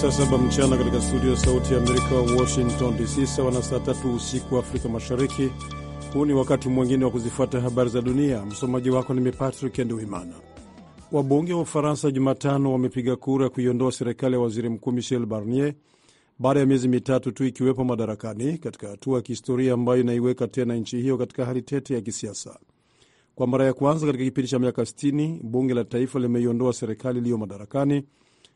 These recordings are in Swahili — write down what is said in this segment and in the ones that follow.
sasa saba mchana katika studio ya Sauti ya Amerika, Washington DC, sawa na saa tatu usiku wa Afrika Mashariki. Huu ni wakati mwingine wa kuzifuata habari za dunia. Msomaji wako ni Patrick Nduwimana. Wabunge wa Ufaransa Jumatano wamepiga kura ya kuiondoa serikali ya waziri mkuu Michel Barnier baada ya miezi mitatu tu ikiwepo madarakani, katika hatua ya kihistoria ambayo inaiweka tena nchi hiyo katika hali tete ya kisiasa. Kwa mara ya kwanza katika kipindi cha miaka 60 bunge la taifa limeiondoa serikali iliyo madarakani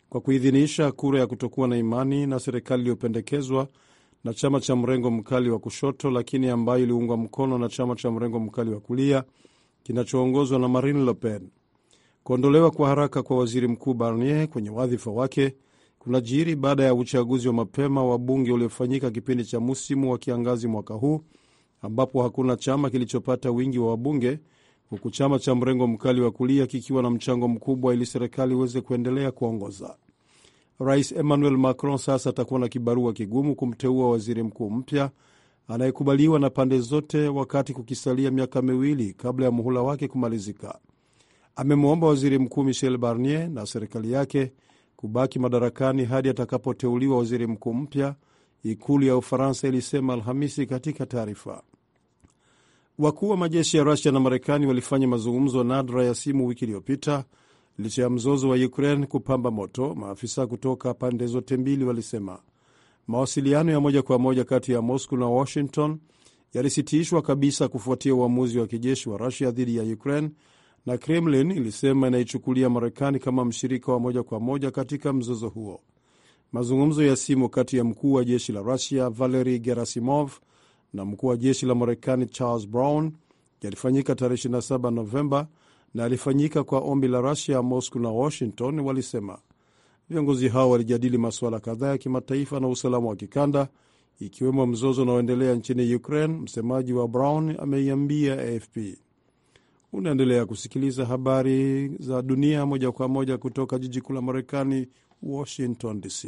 kwa kuidhinisha kura ya kutokuwa na imani na serikali iliyopendekezwa na chama cha mrengo mkali wa kushoto, lakini ambayo iliungwa mkono na chama cha mrengo mkali wa kulia kinachoongozwa na Marine Le Pen. Kuondolewa kwa haraka kwa waziri mkuu Barnier kwenye wadhifa wake kunajiri baada ya uchaguzi wa mapema wa bunge uliofanyika kipindi cha musimu wa kiangazi mwaka huu ambapo hakuna chama kilichopata wingi wa wabunge huku chama cha mrengo mkali wa kulia kikiwa na mchango mkubwa ili serikali iweze kuendelea kuongoza. Rais Emmanuel Macron sasa atakuwa na kibarua kigumu kumteua waziri mkuu mpya anayekubaliwa na pande zote, wakati kukisalia miaka miwili kabla ya muhula wake kumalizika. Amemwomba waziri mkuu Michel Barnier na serikali yake kubaki madarakani hadi atakapoteuliwa waziri mkuu mpya, ikulu ya Ufaransa ilisema Alhamisi katika taarifa. Wakuu wa majeshi ya Rusia na Marekani walifanya mazungumzo nadra ya simu wiki iliyopita licha ya mzozo wa Ukraine kupamba moto. Maafisa kutoka pande zote mbili walisema mawasiliano ya moja kwa moja kati ya Moscow na Washington yalisitishwa kabisa kufuatia uamuzi wa kijeshi wa Rusia dhidi ya Ukraine, na Kremlin ilisema inaichukulia Marekani kama mshirika wa moja kwa moja katika mzozo huo. Mazungumzo ya simu kati ya mkuu wa jeshi la Rusia Valery Gerasimov na mkuu wa jeshi la Marekani Charles Brown yalifanyika tarehe 27 Novemba na alifanyika kwa ombi la Rusia, Moscow na Washington walisema. Viongozi hao walijadili masuala kadhaa ya kimataifa na usalama wa kikanda, ikiwemo mzozo unaoendelea nchini Ukraine. Msemaji wa Brown ameiambia AFP. Unaendelea kusikiliza habari za dunia moja kwa moja kutoka jiji kuu la Marekani, Washington DC.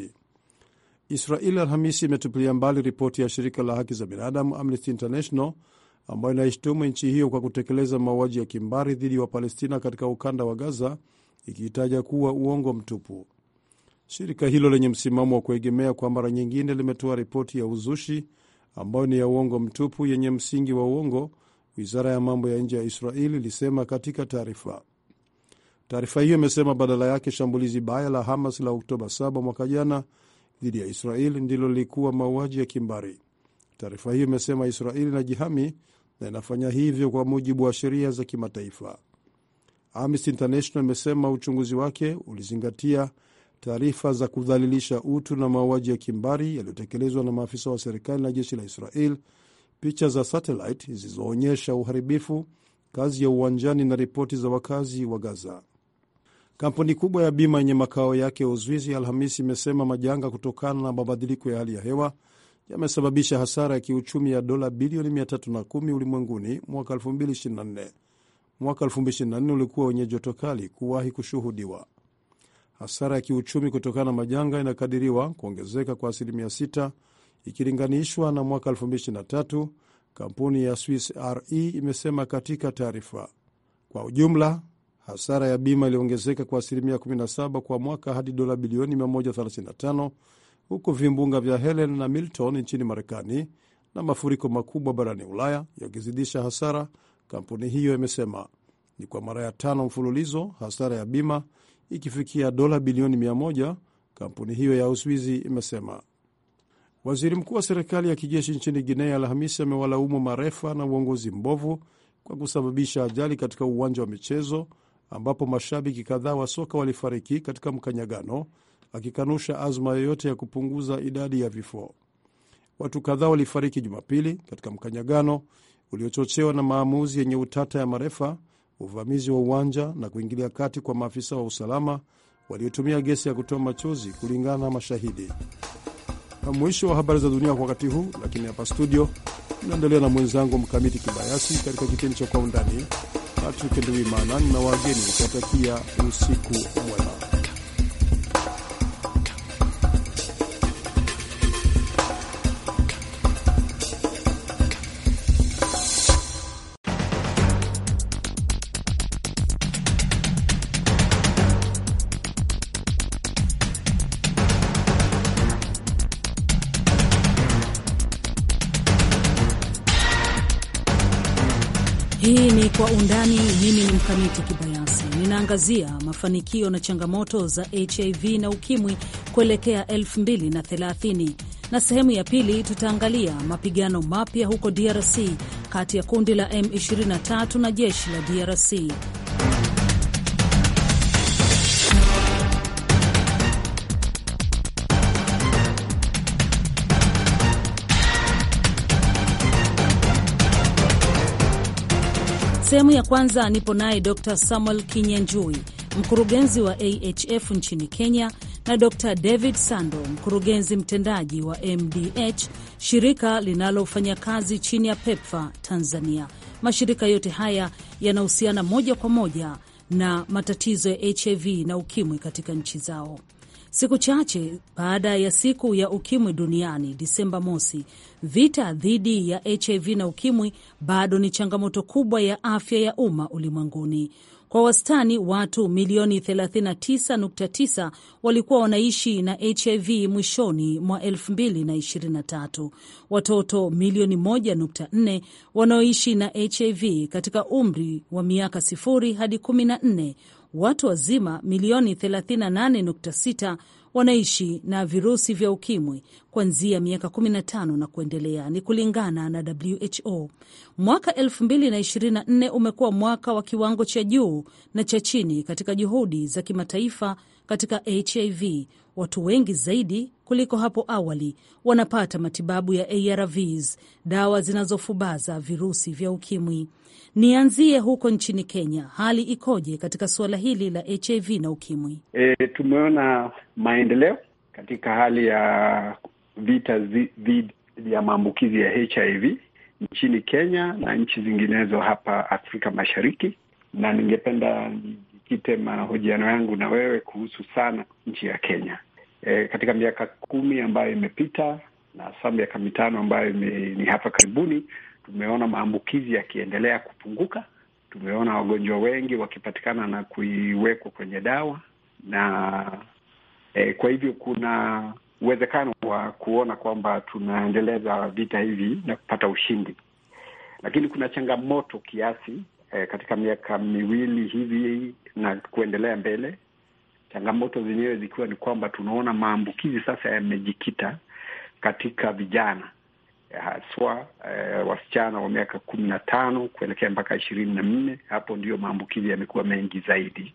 Israeli Alhamisi imetupilia mbali ripoti ya shirika la haki za binadamu Amnesty International ambayo inaishtumu nchi hiyo kwa kutekeleza mauaji ya kimbari dhidi ya Wapalestina katika ukanda wa Gaza, ikiitaja kuwa uongo mtupu. Shirika hilo lenye msimamo wa kuegemea kwa mara nyingine limetoa ripoti ya uzushi ambayo ni ya uongo mtupu yenye msingi wa uongo, wizara ya mambo ya nje ya Israeli ilisema katika taarifa. Taarifa hiyo imesema badala yake, shambulizi baya la Hamas la Oktoba 7 mwaka jana dhidi ya israel ndilo lilikuwa mauaji ya kimbari. Taarifa hiyo imesema Israel inajihami na inafanya hivyo kwa mujibu wa sheria za kimataifa. Amnesty International imesema uchunguzi wake ulizingatia taarifa za kudhalilisha utu na mauaji ya kimbari yaliyotekelezwa na maafisa wa serikali na jeshi la Israel, picha za satellite zilizoonyesha uharibifu, kazi ya uwanjani na ripoti za wakazi wa Gaza. Kampuni kubwa ya bima yenye makao yake Uswizi Alhamisi imesema majanga kutokana na mabadiliko ya hali ya hewa yamesababisha hasara ya kiuchumi ya dola bilioni 310 ulimwenguni mwaka 2024. Mwaka 2024 ulikuwa wenye joto kali kuwahi kushuhudiwa. Hasara ya kiuchumi kutokana na majanga inakadiriwa kuongezeka kwa asilimia 6 ikilinganishwa na mwaka 2023, kampuni ya Swiss Re imesema katika taarifa. Kwa ujumla Hasara ya bima iliongezeka kwa asilimia 17 kwa mwaka hadi dola bilioni 135 huku vimbunga vya Helen na Milton nchini Marekani na mafuriko makubwa barani Ulaya yakizidisha hasara, kampuni hiyo imesema. Ni kwa mara ya tano mfululizo hasara ya bima ikifikia dola bilioni 100, kampuni hiyo ya Uswizi imesema. Waziri mkuu wa serikali ya kijeshi nchini Guinea Alhamisi amewalaumu marefa na uongozi mbovu kwa kusababisha ajali katika uwanja wa michezo ambapo mashabiki kadhaa wa soka walifariki katika mkanyagano, akikanusha azma yoyote ya kupunguza idadi ya vifo. Watu kadhaa walifariki Jumapili katika mkanyagano uliochochewa na maamuzi yenye utata ya marefa, uvamizi wa uwanja na kuingilia kati kwa maafisa wa usalama waliotumia gesi ya kutoa machozi, kulingana na mashahidi. Na mwisho wa habari za dunia kwa wakati huu, lakini hapa studio inaendelea na mwenzangu Mkamiti Kibayasi katika kipindi cha Kwa Undani. Patrick Ndwimana na wageni kuwatakia usiku mwema. Mkamiti Kibayasi. Ninaangazia mafanikio na changamoto za HIV na ukimwi kuelekea 2030 na sehemu ya pili tutaangalia mapigano mapya huko DRC kati ya kundi la M23 na jeshi la DRC. Sehemu ya kwanza nipo naye Dr Samuel Kinyanjui, mkurugenzi wa AHF nchini Kenya, na Dr David Sando, mkurugenzi mtendaji wa MDH, shirika linalofanya kazi chini ya PEPFA Tanzania. Mashirika yote haya yanahusiana moja kwa moja na matatizo ya HIV na ukimwi katika nchi zao. Siku chache baada ya siku ya ukimwi duniani Disemba mosi, vita dhidi ya HIV na ukimwi bado ni changamoto kubwa ya afya ya umma ulimwenguni. Kwa wastani watu milioni 39.9 walikuwa wanaishi na HIV mwishoni mwa 2023. Watoto milioni 1.4 wanaoishi na HIV katika umri wa miaka 0 hadi 14 watu wazima milioni 38.6 wanaishi na virusi vya ukimwi kuanzia miaka 15 na kuendelea, ni kulingana na WHO. Mwaka 2024 umekuwa mwaka wa kiwango cha juu na cha chini katika juhudi za kimataifa katika HIV. Watu wengi zaidi kuliko hapo awali wanapata matibabu ya ARVs, dawa zinazofubaza virusi vya ukimwi. Nianzie huko nchini Kenya, hali ikoje katika suala hili la HIV na ukimwi? E, tumeona maendeleo katika hali ya vita dhidi ya maambukizi ya HIV nchini Kenya na nchi zinginezo hapa Afrika Mashariki, na ningependa nijikite mahojiano yangu na wewe kuhusu sana nchi ya Kenya e, katika miaka kumi ambayo imepita na hasa miaka mitano ambayo ni hapa karibuni, tumeona maambukizi yakiendelea kupunguka. Tumeona wagonjwa wengi wakipatikana na kuiwekwa kwenye dawa na e, kwa hivyo kuna uwezekano wa kuona kwamba tunaendeleza vita hivi na kupata ushindi, lakini kuna changamoto kiasi e, katika miaka miwili hivi na kuendelea mbele changamoto zenyewe zikiwa ni kwamba tunaona maambukizi sasa yamejikita katika vijana haswa eh, wasichana wa miaka kumi na tano kuelekea mpaka ishirini na nne. Hapo ndiyo maambukizi yamekuwa mengi zaidi.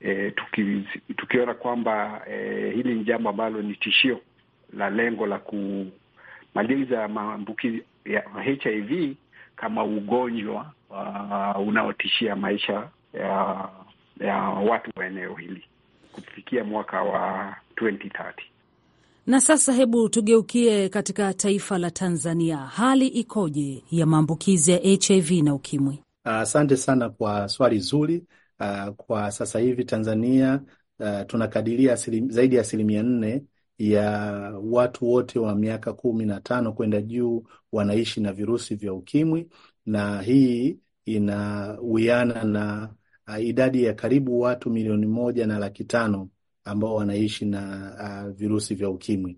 Eh, tuki, tukiona kwamba eh, hili ni jambo ambalo ni tishio la lengo la kumaliza maambukizi ya HIV kama ugonjwa uh, unaotishia maisha ya uh, ya watu wa eneo hili kufikia mwaka wa 2030. Na sasa hebu tugeukie katika taifa la Tanzania, hali ikoje ya maambukizi ya HIV na ukimwi? Asante uh, sana kwa swali zuri. Uh, kwa sasa hivi Tanzania uh, tunakadiria asilim, zaidi ya asilimia nne ya watu wote wa miaka kumi na tano kwenda juu wanaishi na virusi vya ukimwi, na hii inawiana na uh, idadi ya karibu watu milioni moja na laki tano ambao wanaishi na uh, virusi vya ukimwi.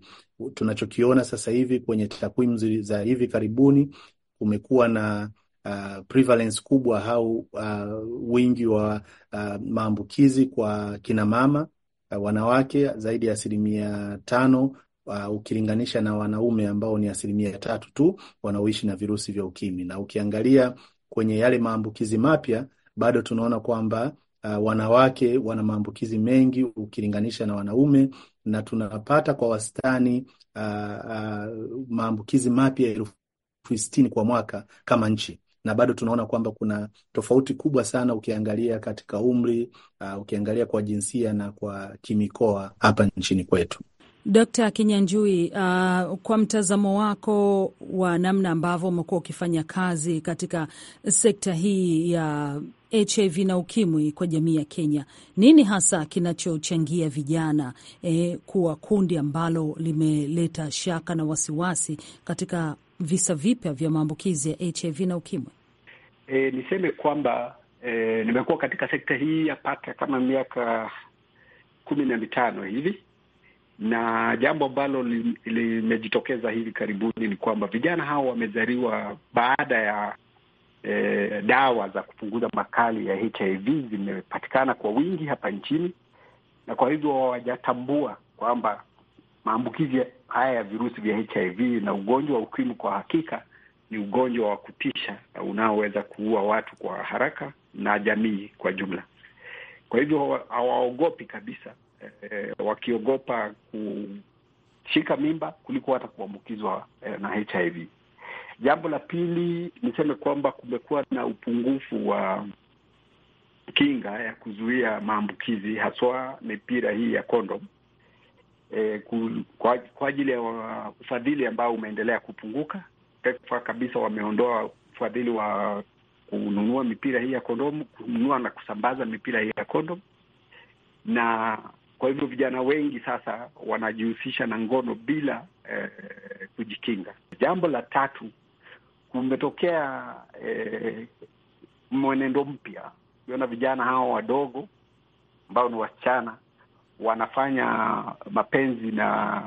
Tunachokiona sasa hivi kwenye takwimu za hivi karibuni, kumekuwa na uh, prevalence kubwa au uh, wingi wa uh, maambukizi kwa kinamama uh, wanawake zaidi ya asilimia tano Uh, ukilinganisha na wanaume ambao ni asilimia tatu tu wanaoishi na virusi vya ukimwi. Na ukiangalia kwenye yale maambukizi mapya bado tunaona kwamba uh, wanawake wana maambukizi mengi ukilinganisha na wanaume, na tunapata kwa wastani uh, uh, maambukizi mapya elfu sitini kwa mwaka kama nchi na bado tunaona kwamba kuna tofauti kubwa sana ukiangalia katika umri uh, ukiangalia kwa jinsia na kwa kimikoa hapa nchini kwetu. Dkt. Kinyanjui, uh, kwa mtazamo wako wa namna ambavyo umekuwa ukifanya kazi katika sekta hii ya HIV na ukimwi kwa jamii ya Kenya, nini hasa kinachochangia vijana eh, kuwa kundi ambalo limeleta shaka na wasiwasi katika visa vipya vya maambukizi ya HIV na ukimwi? E, niseme kwamba e, nimekuwa katika sekta hii yapata kama miaka kumi na mitano hivi na jambo ambalo limejitokeza li hivi karibuni ni kwamba vijana hao wamezaliwa baada ya e, dawa za kupunguza makali ya HIV zimepatikana kwa wingi hapa nchini, na kwa hivyo hawajatambua kwamba maambukizi haya ya virusi vya HIV na ugonjwa wa ukimwi kwa hakika ni ugonjwa wa kutisha na unaoweza kuua watu kwa haraka na jamii kwa jumla. Kwa hivyo hawaogopi kabisa eh, wakiogopa kushika mimba kuliko hata kuambukizwa eh, na HIV. Jambo la pili niseme kwamba kumekuwa na upungufu wa kinga ya kuzuia maambukizi haswa mipira hii ya kondom eh, kwa, kwa ajili ya ufadhili ambao umeendelea kupunguka. TEKFA kabisa wameondoa ufadhili wa kununua mipira hii ya kondomu, kununua na kusambaza mipira hii ya kondomu na kwa hivyo vijana wengi sasa wanajihusisha na ngono bila eh, kujikinga. Jambo la tatu, kumetokea eh, mwenendo mpya ukiona vijana hawa wadogo ambao ni wasichana wanafanya mapenzi na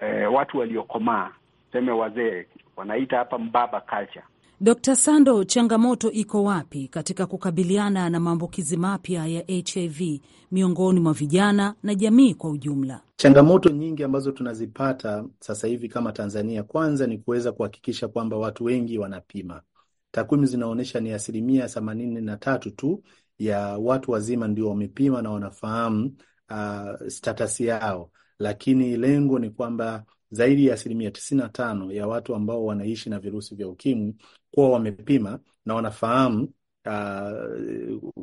eh, watu waliokomaa, tuseme wazee, wanaita hapa mbaba culture. Dr. Sando, changamoto iko wapi katika kukabiliana na maambukizi mapya ya HIV miongoni mwa vijana na jamii kwa ujumla? Changamoto nyingi ambazo tunazipata sasa hivi kama Tanzania, kwanza ni kuweza kuhakikisha kwamba watu wengi wanapima. Takwimu zinaonyesha ni asilimia themanini na tatu tu ya watu wazima ndio wamepima na wanafahamu uh, status yao, lakini lengo ni kwamba zaidi ya asilimia tisini na tano ya watu ambao wanaishi na virusi vya ukimwi kuwa wamepima na wanafahamu uh,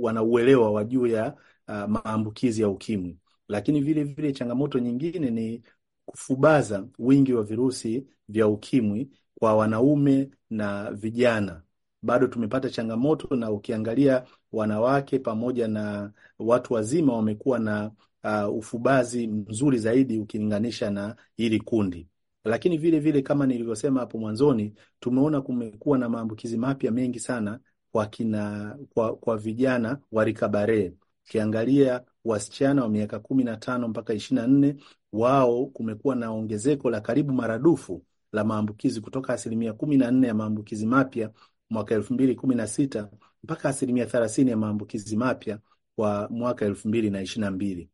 wanauelewa wa juu ya uh, maambukizi ya ukimwi. Lakini vile vile changamoto nyingine ni kufubaza wingi wa virusi vya ukimwi kwa wanaume na vijana. Bado tumepata changamoto, na ukiangalia wanawake pamoja na watu wazima wamekuwa na uh, ufubazi mzuri zaidi ukilinganisha na hili kundi. Lakini vile vile kama nilivyosema hapo mwanzoni, tumeona kumekuwa na maambukizi mapya mengi sana kwa kina, kwa, kwa vijana wa rika bare. Ukiangalia wasichana wa miaka kumi na tano mpaka ishirini na nne wao kumekuwa na ongezeko la karibu maradufu la maambukizi kutoka asilimia kumi na nne ya maambukizi mapya mwaka elfu mbili kumi na sita mpaka asilimia thelathini ya maambukizi mapya kwa mwaka elfu mbili na ishirini na mbili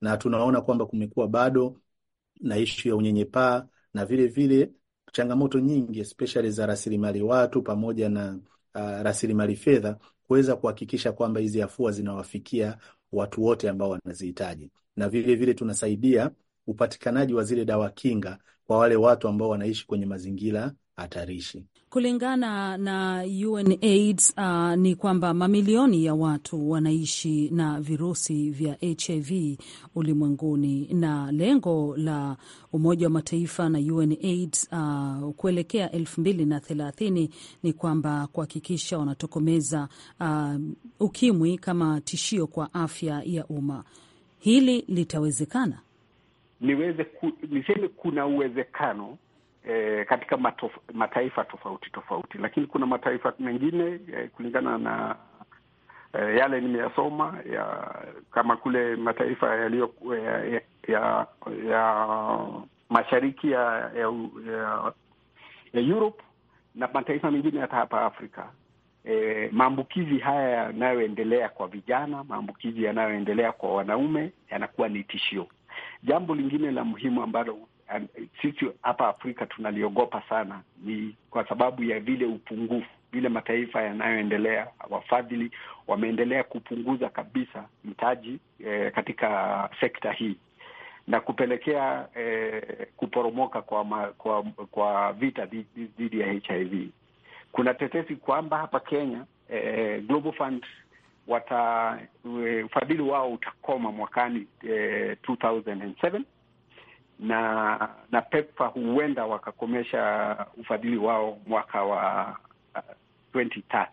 na tunaona kwamba kumekuwa bado na ishu ya unyenyepaa na vile vile changamoto nyingi especially za rasilimali watu pamoja na uh, rasilimali fedha kuweza kuhakikisha kwamba hizi afua zinawafikia watu wote ambao wanazihitaji, na vile vile tunasaidia upatikanaji wa zile dawa kinga kwa wale watu ambao wanaishi kwenye mazingira hatarishi. Kulingana na UNAIDS uh, ni kwamba mamilioni ya watu wanaishi na virusi vya HIV ulimwenguni, na lengo la Umoja wa Mataifa na UNAIDS uh, kuelekea elfu mbili na thelathini ni kwamba kuhakikisha wanatokomeza uh, ukimwi kama tishio kwa afya ya umma. Hili litawezekana? Niweze ku, niseme kuna uwezekano eh, katika matof, mataifa tofauti tofauti, lakini kuna mataifa mengine eh, kulingana na eh, yale nimeyasoma ya kama kule mataifa yaliyo ya, eh, ya, ya, ya mashariki ya, ya, ya, ya Europe na mataifa mengine hata hapa Afrika. E, maambukizi haya yanayoendelea kwa vijana, maambukizi yanayoendelea kwa wanaume yanakuwa ni tishio. Jambo lingine la muhimu ambalo sisi hapa Afrika tunaliogopa sana, ni kwa sababu ya vile upungufu vile mataifa yanayoendelea wafadhili wameendelea kupunguza kabisa mtaji eh, katika sekta hii na kupelekea eh, kuporomoka kwa, ma, kwa kwa vita dhidi ya HIV. Kuna tetesi kwamba hapa Kenya eh, Global Fund wata eh, ufadhili wao utakoma mwakani eh, 2007 na na PEPFAR huenda wakakomesha ufadhili wao mwaka wa uh, 2030.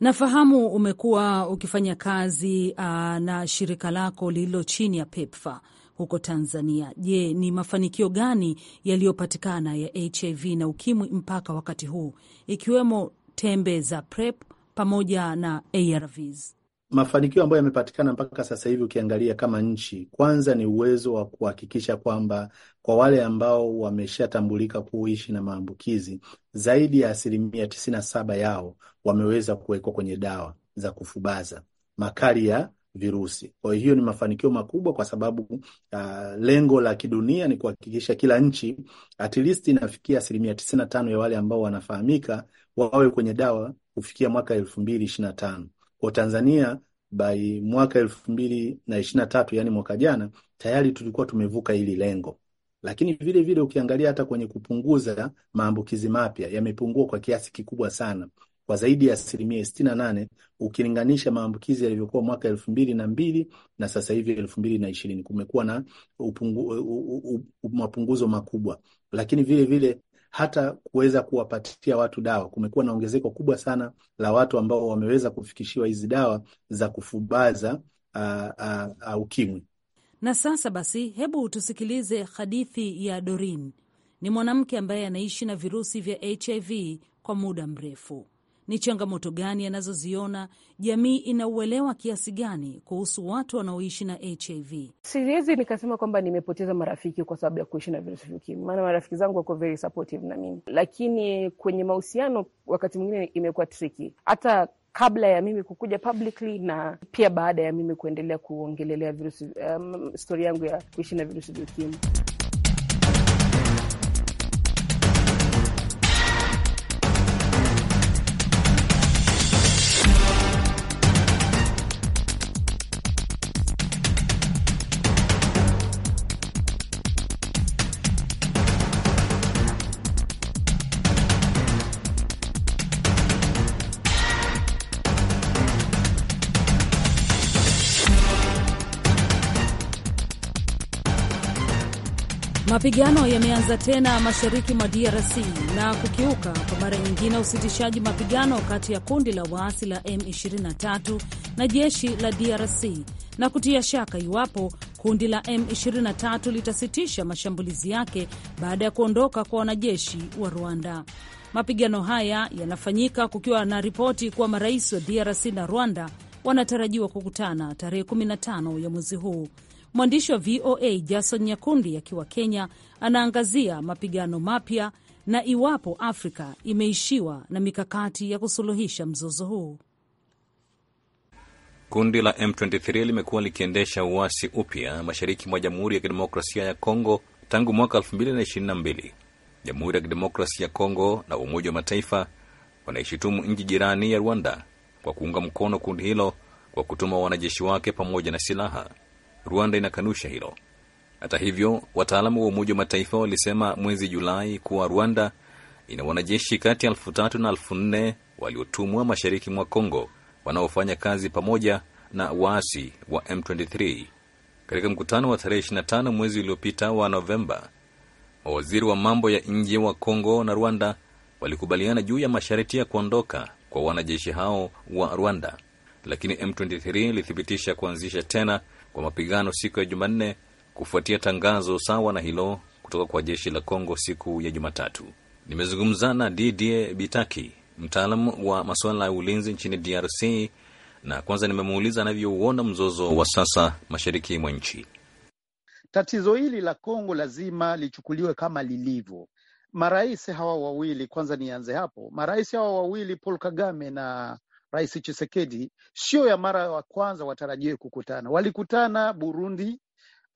Nafahamu umekuwa ukifanya kazi uh, na shirika lako lililo chini ya pepfa huko Tanzania. Je, ni mafanikio gani yaliyopatikana ya HIV na ukimwi mpaka wakati huu, ikiwemo tembe za PrEP pamoja na ARVs? mafanikio ambayo yamepatikana mpaka sasa hivi, ukiangalia kama nchi, kwanza ni uwezo wa kuhakikisha kwamba kwa wale ambao wameshatambulika kuishi na maambukizi, zaidi ya asilimia tisini na saba yao wameweza kuwekwa kwenye dawa za kufubaza makali ya virusi. Kwa hiyo ni mafanikio makubwa, kwa sababu uh, lengo la kidunia ni kuhakikisha kila nchi at least inafikia asilimia tisini na tano ya wale ambao wanafahamika wawe kwenye dawa kufikia mwaka elfu mbili ishirini na tano tanzania by mwaka elfu mbili na ishirini na tatu mwaka jana tayari tulikuwa tumevuka hili lengo, lakini vile vile ukiangalia hata kwenye kupunguza maambukizi mapya yamepungua kwa kiasi kikubwa sana kwa zaidi ya asilimia sitini na nane ukilinganisha maambukizi yalivyokuwa mwaka elfu mbili na mbili na sasa hivi elfu mbili na ishirini kumekuwa na mapunguzo makubwa, lakini vile vile hata kuweza kuwapatia watu dawa. Kumekuwa na ongezeko kubwa sana la watu ambao wameweza kufikishiwa hizi dawa za kufubaza a, a, a ukimwi. Na sasa basi, hebu tusikilize hadithi ya Dorin. Ni mwanamke ambaye anaishi na virusi vya HIV kwa muda mrefu. Ni changamoto gani anazoziona? Jamii inauelewa kiasi gani kuhusu watu wanaoishi na HIV? Siwezi nikasema kwamba nimepoteza marafiki kwa sababu ya kuishi na virusi vya ukimwi, maana marafiki zangu wako very supportive na mimi, lakini kwenye mahusiano wakati mwingine imekuwa tricky hata kabla ya mimi kukuja publicly na pia baada ya mimi kuendelea kuongelelea virusi um, stori yangu ya kuishi na virusi vya ukimwi. Mapigano yameanza tena mashariki mwa DRC na kukiuka kwa mara nyingine usitishaji mapigano kati ya kundi la waasi la M23 na jeshi la DRC na kutia shaka iwapo kundi la M23 litasitisha mashambulizi yake baada ya kuondoka kwa wanajeshi wa Rwanda. Mapigano haya yanafanyika kukiwa na ripoti kuwa marais wa DRC na Rwanda wanatarajiwa kukutana tarehe 15 ya mwezi huu Mwandishi wa VOA Jason Nyakundi akiwa Kenya anaangazia mapigano mapya na iwapo Afrika imeishiwa na mikakati ya kusuluhisha mzozo huu. Kundi la M23 limekuwa likiendesha uasi upya mashariki mwa Jamhuri ya Kidemokrasia ya Kongo tangu mwaka 2022. Jamhuri ya Kidemokrasia ya Kongo na Umoja wa Mataifa wanaishutumu nchi jirani ya Rwanda kwa kuunga mkono kundi hilo kwa kutuma wanajeshi wake pamoja na silaha. Rwanda inakanusha hilo. Hata hivyo, wataalamu wa Umoja wa Mataifa walisema mwezi Julai kuwa Rwanda ina wanajeshi kati ya elfu tatu na elfu nne waliotumwa mashariki mwa Kongo wanaofanya kazi pamoja na waasi wa M23. Katika mkutano wa tarehe 25 mwezi uliopita wa Novemba, mawaziri wa mambo ya nje wa Kongo na Rwanda walikubaliana juu ya masharti ya kuondoka kwa wanajeshi hao wa Rwanda, lakini M23 ilithibitisha kuanzisha tena kwa mapigano siku ya Jumanne kufuatia tangazo sawa na hilo kutoka kwa jeshi la Kongo siku ya Jumatatu. Nimezungumzana Didier Bitaki, mtaalamu wa masuala ya ulinzi nchini DRC, na kwanza nimemuuliza anavyouona mzozo wa sasa mashariki mwa nchi. Tatizo hili la Kongo lazima lichukuliwe kama lilivyo. Marais hawa wawili, kwanza nianze hapo, marais hawa wawili Paul Kagame na Rais Chisekedi, sio ya mara ya kwanza watarajie kukutana. Walikutana Burundi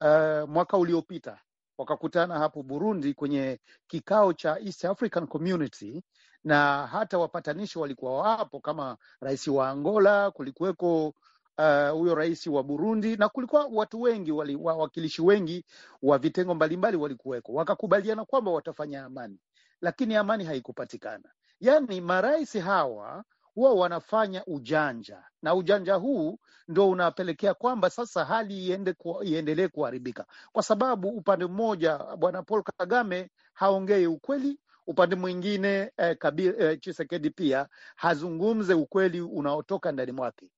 uh, mwaka uliopita wakakutana hapo Burundi kwenye kikao cha East African Community na hata wapatanishi walikuwa wapo kama rais wa Angola, kulikuweko eh, huyo uh, rais wa Burundi na kulikuwa watu wengi wali, wawakilishi wengi wa vitengo mbalimbali walikuweko, wakakubaliana kwamba watafanya amani, lakini amani haikupatikana. yani marais hawa huwa wanafanya ujanja, na ujanja huu ndo unapelekea kwamba sasa hali iende ku, iendelee kuharibika, kwa sababu upande mmoja bwana Paul Kagame haongei ukweli, upande mwingine eh, Kabila eh, Chisekedi pia hazungumze ukweli unaotoka ndani mwake.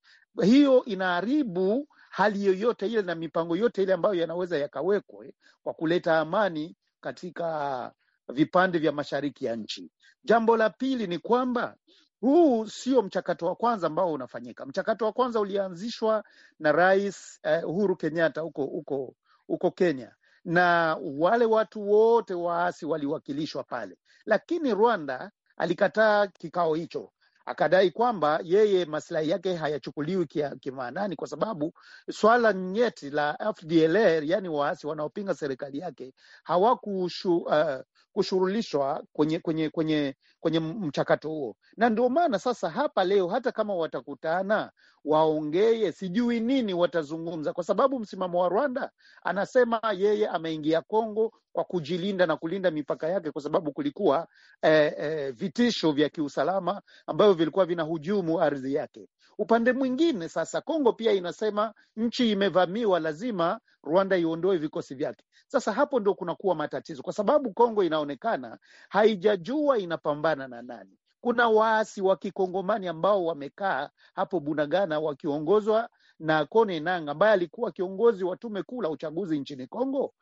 Hiyo inaharibu hali yoyote ile na mipango yote ile ambayo yanaweza yakawekwe kwa kuleta amani katika vipande vya mashariki ya nchi. Jambo la pili ni kwamba huu sio mchakato wa kwanza ambao unafanyika. Mchakato wa kwanza ulianzishwa na Rais eh, Uhuru Kenyatta huko huko huko Kenya, na wale watu wote waasi waliwakilishwa pale, lakini Rwanda alikataa kikao hicho, akadai kwamba yeye masilahi yake hayachukuliwi kimaanani kwa sababu swala nyeti la FDLR, yani waasi wanaopinga serikali yake hawakushu, uh, kushughulishwa kwenye kwenye kwenye kwenye mchakato huo, na ndio maana sasa hapa leo, hata kama watakutana waongee sijui nini watazungumza, kwa sababu msimamo wa Rwanda anasema yeye ameingia Kongo kwa kujilinda na kulinda mipaka yake, kwa sababu kulikuwa eh, eh, vitisho vya kiusalama ambavyo vilikuwa vinahujumu ardhi yake. Upande mwingine sasa, Kongo pia inasema nchi imevamiwa, lazima Rwanda iondoe vikosi vyake. Sasa hapo ndo kunakuwa matatizo, kwa sababu Kongo inaonekana haijajua inapambana na nani. Kuna waasi wa kikongomani ambao wamekaa hapo Bunagana wakiongozwa na Kone Nanga ambaye alikuwa kiongozi wa tume kuu la uchaguzi nchini Kongo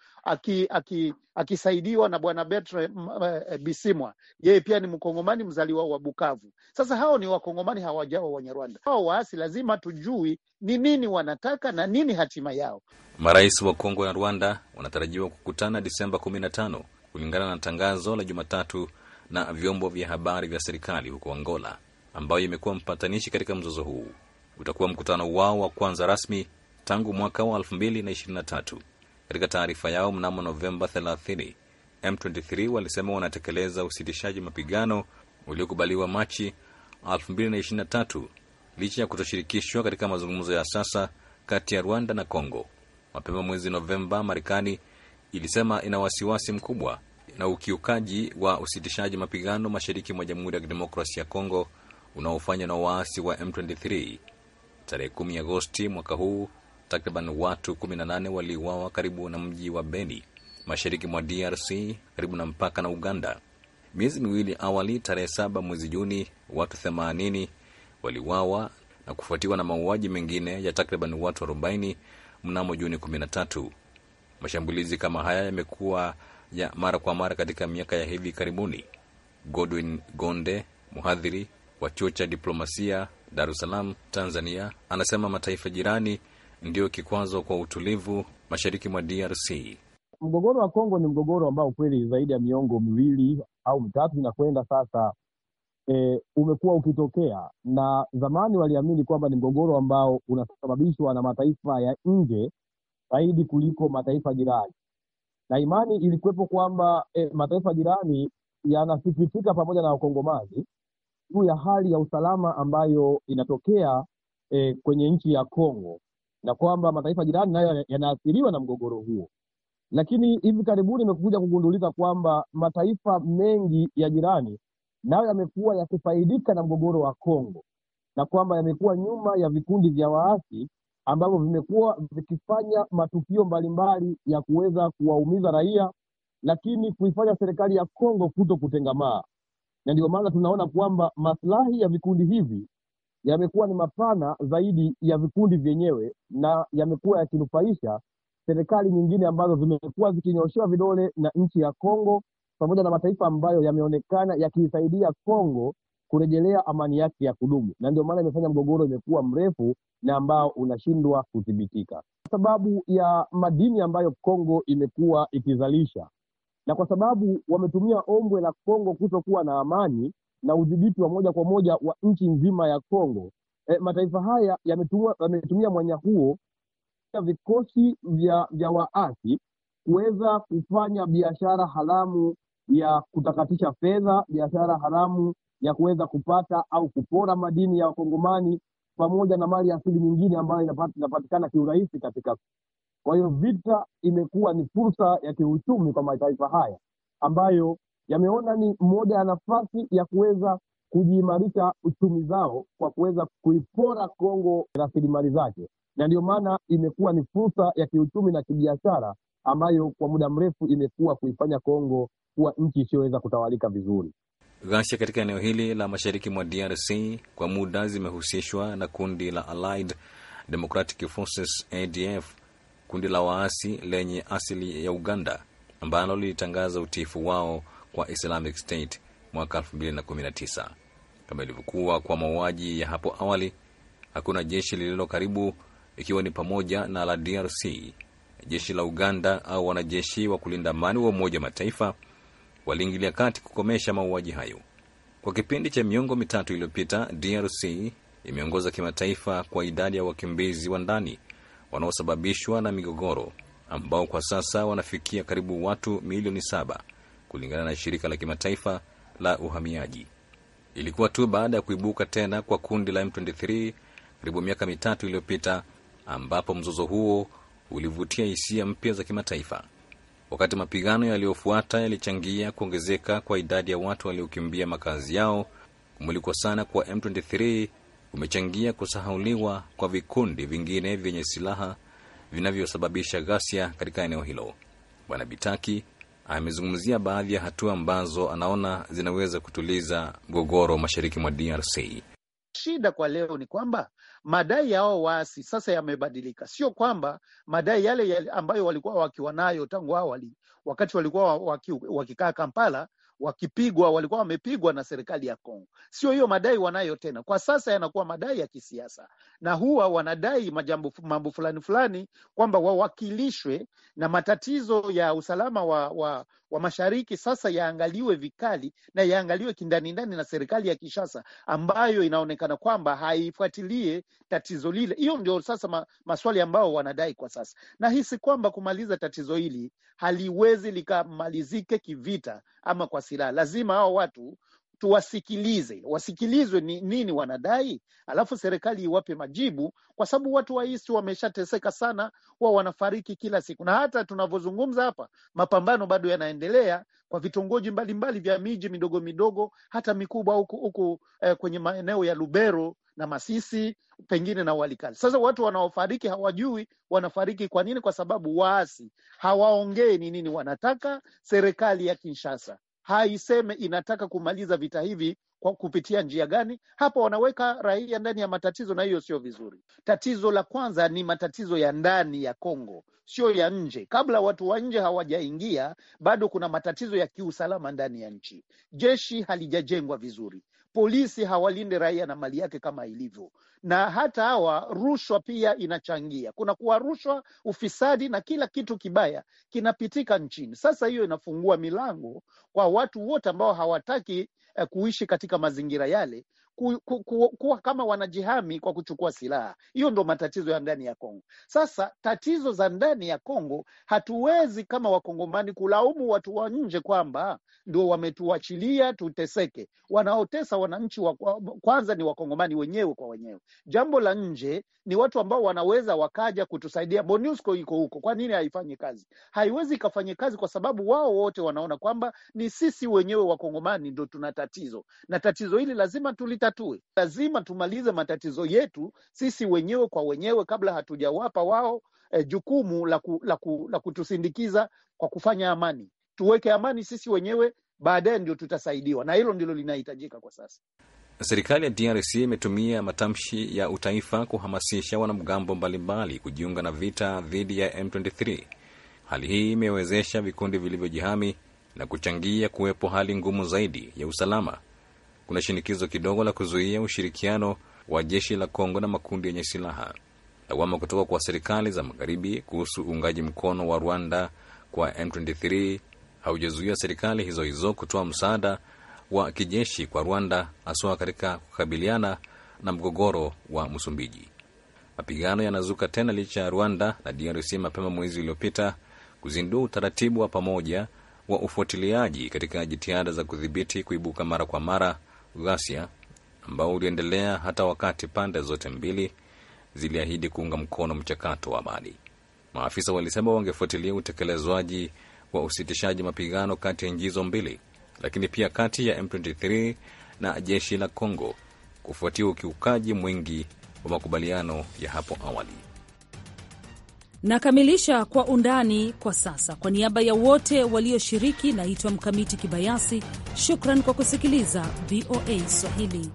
akisaidiwa aki, aki na bwana Bertre eh, eh, Bisimwa, yeye pia ni mkongomani mzaliwa wa Bukavu. Sasa hao ni wakongomani wenye Wanyarwanda. Hao waasi lazima tujui ni nini wanataka na nini hatima yao. Marais wa Kongo na Rwanda wanatarajiwa kukutana Disemba kumi na tano kulingana na tangazo la Jumatatu na vyombo vya habari vya serikali huko Angola ambayo imekuwa mpatanishi katika mzozo huu utakuwa mkutano wao wa kwanza rasmi tangu mwaka wa 2023. Katika taarifa yao mnamo Novemba 30, M23 walisema wanatekeleza usitishaji mapigano uliokubaliwa Machi 2023 licha ya kutoshirikishwa katika mazungumzo ya sasa kati ya Rwanda na Kongo. Mapema mwezi Novemba, Marekani ilisema ina wasiwasi mkubwa na ukiukaji wa usitishaji mapigano mashariki mwa Jamhuri ya Kidemokrasia ya Kongo unaofanywa na waasi wa M23 Tarehe 10 Agosti mwaka huu, takriban watu 18 waliuawa karibu na mji wa Beni, mashariki mwa DRC, karibu na mpaka na Uganda. Miezi miwili awali, tarehe 7 mwezi Juni, watu 80 waliuawa na kufuatiwa na mauaji mengine ya takriban watu 40 mnamo Juni 13. Mashambulizi kama haya yamekuwa ya mara kwa mara katika miaka ya hivi karibuni. Godwin Gonde, mhadhiri wa chuo cha diplomasia Dar es Salaam, Tanzania, anasema mataifa jirani ndiyo kikwazo kwa utulivu mashariki mwa DRC. Mgogoro wa Kongo ni mgogoro ambao kweli zaidi ya miongo miwili au mitatu inakwenda sasa, e, umekuwa ukitokea, na zamani waliamini kwamba ni mgogoro ambao unasababishwa na mataifa ya nje zaidi kuliko mataifa jirani, na imani ilikuwepo kwamba e, mataifa jirani yanasikitika pamoja na Wakongomani juu ya hali ya usalama ambayo inatokea e, kwenye nchi ya Kongo na kwamba mataifa jirani nayo yanaathiriwa na mgogoro huo. Lakini hivi karibuni imekuja kugundulika kwamba mataifa mengi ya jirani nayo yamekuwa yakifaidika na mgogoro wa Kongo na kwamba yamekuwa nyuma ya vikundi vya waasi ambavyo vimekuwa vikifanya matukio mbalimbali ya kuweza kuwaumiza raia, lakini kuifanya serikali ya Kongo kuto kutengamaa na ndio maana tunaona kwamba maslahi ya vikundi hivi yamekuwa ni mapana zaidi ya vikundi vyenyewe na yamekuwa yakinufaisha serikali nyingine ambazo zimekuwa zikinyoshewa vidole na nchi ya Kongo pamoja na mataifa ambayo yameonekana yakiisaidia Kongo kurejelea amani yake ya kudumu, na ndio maana imefanya mgogoro imekuwa mrefu na ambao unashindwa kudhibitika, sababu ya madini ambayo Kongo imekuwa ikizalisha na kwa sababu wametumia ombwe la Kongo kutokuwa na amani na udhibiti wa moja kwa moja wa nchi nzima ya Kongo. E, mataifa haya yametumia, mwanya huo ya vikosi vya, vya waasi kuweza kufanya biashara haramu ya kutakatisha fedha, biashara haramu ya kuweza kupata au kupora madini ya Wakongomani pamoja na mali asili nyingine ambayo inapatikana kiurahisi katika kwa hiyo vita imekuwa ni fursa ya kiuchumi kwa mataifa haya ambayo yameona ni moja ya nafasi ya kuweza kujiimarisha uchumi zao kwa kuweza kuipora Kongo rasilimali zake, na ndiyo maana imekuwa ni fursa ya kiuchumi na kibiashara ambayo kwa muda mrefu imekuwa kuifanya Kongo kuwa nchi isiyoweza kutawalika vizuri. Ghasia katika eneo hili la mashariki mwa DRC kwa muda zimehusishwa na kundi la Allied Democratic Forces ADF kundi la waasi lenye asili ya Uganda ambalo lilitangaza utiifu wao kwa Islamic State mwaka 2019. Kama ilivyokuwa kwa mauaji ya hapo awali, hakuna jeshi lililo karibu, ikiwa ni pamoja na la DRC, jeshi la Uganda au wanajeshi wa kulinda amani wa Umoja wa Mataifa waliingilia kati kukomesha mauaji hayo. Kwa kipindi cha miongo mitatu iliyopita, DRC imeongoza kimataifa kwa idadi ya wakimbizi wa ndani wanaosababishwa na migogoro ambao kwa sasa wanafikia karibu watu milioni saba kulingana na shirika la kimataifa la uhamiaji. Ilikuwa tu baada ya kuibuka tena kwa kundi la M23 karibu miaka mitatu iliyopita ambapo mzozo huo ulivutia hisia mpya za kimataifa, wakati mapigano yaliyofuata yalichangia kuongezeka kwa idadi ya watu waliokimbia makazi yao. Kumulikwa sana kwa M23 umechangia kusahauliwa kwa vikundi vingine vyenye silaha vinavyosababisha ghasia katika eneo hilo. Bwana Bitaki amezungumzia baadhi ya hatua ambazo anaona zinaweza kutuliza mgogoro mashariki mwa DRC. Shida kwa leo ni kwamba madai yao waasi sasa yamebadilika, sio kwamba madai yale ambayo walikuwa wakiwa nayo tangu awali wakati walikuwa wakikaa Kampala wakipigwa walikuwa wamepigwa na serikali ya Kongo. Sio hiyo madai wanayo tena kwa sasa, yanakuwa madai ya kisiasa, na huwa wanadai majambo mambo fulani fulani kwamba wawakilishwe na matatizo ya usalama wa, wa, wa mashariki sasa yaangaliwe vikali na yaangaliwe kindanindani na serikali ya kishasa ambayo inaonekana kwamba haifuatilie tatizo lile. Hiyo ndio sasa ma, maswali ambayo wanadai kwa sasa. Nahisi kwamba kumaliza tatizo hili haliwezi likamalizike kivita ama kwa silaha, lazima hao watu tuwasikilize, wasikilizwe ni nini wanadai, alafu serikali iwape majibu, kwa sababu watu wa East wameshateseka sana, wao wanafariki kila siku, na hata tunavyozungumza hapa mapambano bado yanaendelea kwa vitongoji mbalimbali vya miji midogo midogo, hata mikubwa huku huku, eh, kwenye maeneo ya Lubero na Masisi pengine na Walikali. Sasa watu wanaofariki hawajui wanafariki kwa nini, kwa sababu waasi hawaongei ni nini wanataka. Serikali ya Kinshasa haiseme inataka kumaliza vita hivi kwa kupitia njia gani. Hapa wanaweka raia ndani ya matatizo, na hiyo sio vizuri. Tatizo la kwanza ni matatizo ya ndani ya Kongo, sio ya nje. Kabla watu wa nje hawajaingia, bado kuna matatizo ya kiusalama ndani ya nchi. Jeshi halijajengwa vizuri, polisi hawalinde raia na mali yake kama ilivyo. Na hata hawa rushwa pia inachangia, kuna kuwa rushwa, ufisadi na kila kitu kibaya kinapitika nchini. Sasa hiyo inafungua milango kwa watu wote ambao hawataki eh, kuishi katika mazingira yale ku, ku, ku, kuwa kama wanajihami kwa kuchukua silaha. Hiyo ndo matatizo ya ndani ya Kongo. Sasa tatizo za ndani ya Kongo hatuwezi kama wakongomani kulaumu watu wa nje kwamba ndio wametuachilia tuteseke. Wanaotesa wananchi wa kwanza ni wakongomani wenyewe kwa wenyewe. Jambo la nje ni watu ambao wanaweza wakaja kutusaidia. MONUSCO iko huko, kwa nini haifanyi kazi? Haiwezi ikafanye kazi kwa sababu wao wote wanaona kwamba ni sisi wenyewe wakongomani ndo tuna tatizo, na tatizo hili lazima tulita itatue. Lazima tumalize matatizo yetu sisi wenyewe kwa wenyewe kabla hatujawapa wao eh, jukumu la, ku, la, ku, la kutusindikiza kwa kufanya amani. Tuweke amani sisi wenyewe, baadaye ndio tutasaidiwa, na hilo ndilo linahitajika kwa sasa. Serikali ya DRC imetumia matamshi ya utaifa kuhamasisha wanamgambo mbalimbali kujiunga na vita dhidi ya M23. Hali hii imewezesha vikundi vilivyojihami na kuchangia kuwepo hali ngumu zaidi ya usalama kuna shinikizo kidogo la kuzuia ushirikiano wa jeshi la Kongo na makundi yenye silaha. Lawama kutoka kwa serikali za magharibi kuhusu uungaji mkono wa Rwanda kwa M23 haujazuia serikali hizo hizo kutoa msaada wa kijeshi kwa Rwanda, haswa katika kukabiliana na mgogoro wa Msumbiji. Mapigano yanazuka tena licha ya Rwanda na DRC mapema mwezi uliopita kuzindua utaratibu wa pamoja wa ufuatiliaji katika jitihada za kudhibiti kuibuka mara kwa mara ghasia ambao uliendelea hata wakati pande zote mbili ziliahidi kuunga mkono mchakato wa amani. Maafisa walisema wangefuatilia utekelezwaji wa usitishaji mapigano kati ya nchi hizo mbili, lakini pia kati ya M23 na jeshi la congo kufuatia ukiukaji mwingi wa makubaliano ya hapo awali. Nakamilisha kwa undani kwa sasa. Kwa niaba ya wote walioshiriki, naitwa Mkamiti Kibayasi. Shukran kwa kusikiliza VOA Swahili.